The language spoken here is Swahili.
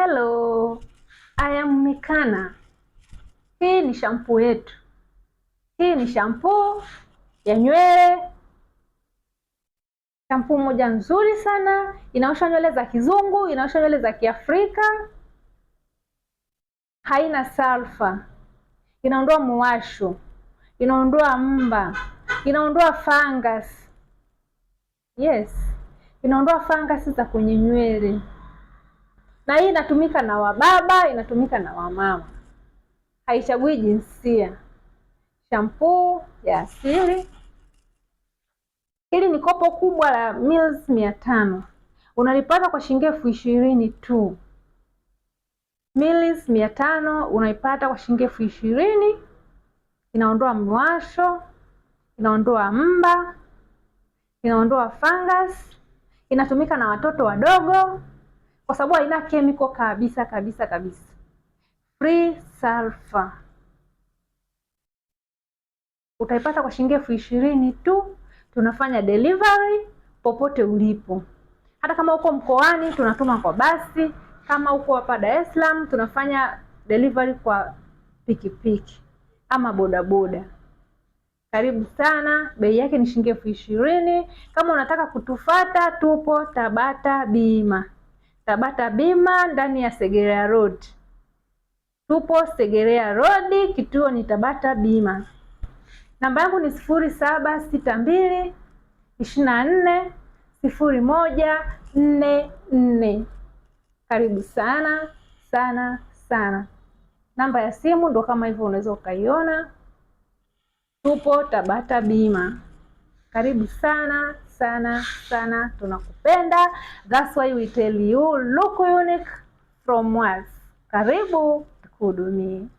Hello, I am Mikana. Hii ni shampoo yetu. Hii ni shampoo ya nywele, shampoo moja nzuri sana, inaosha nywele za kizungu, inaosha nywele za Kiafrika, haina sulfa. inaondoa muwasho, inaondoa mba, inaondoa fungus. Yes, inaondoa fungus za kwenye nywele na hii inatumika na wababa, inatumika na wamama, haichagui jinsia. Shampuu ya asili. Hili ni kopo kubwa la mils mia tano unalipata kwa shilingi elfu ishirini tu. Mils mia tano unaipata kwa shilingi elfu ishirini. Inaondoa mwasho, inaondoa mba, inaondoa fungus, inatumika na watoto wadogo kwa sababu haina kemiko kabisa kabisa kabisa. Free sulfur utaipata kwa shilingi elfu ishirini tu. Tunafanya delivery popote ulipo, hata kama uko mkoani tunatuma kwa basi, kama uko hapa Dar es Salaam tunafanya delivery kwa pikipiki ama bodaboda. Karibu sana, bei yake ni shilingi elfu ishirini. Kama unataka kutufata, tupo Tabata Bima. Tabata Bima ndani ya Segerea Road. Tupo Segerea Road, kituo ni Tabata Bima. Namba yangu ni sifuri saba sita mbili ishirini na nne sifuri moja nne nne. Karibu sana sana sana. Namba ya simu ndo kama hivyo, unaweza ukaiona. Tupo Tabata Bima. Karibu sana sana sana, tunakupenda. That's why we tell you look unique from us. Karibu tukuhudumie.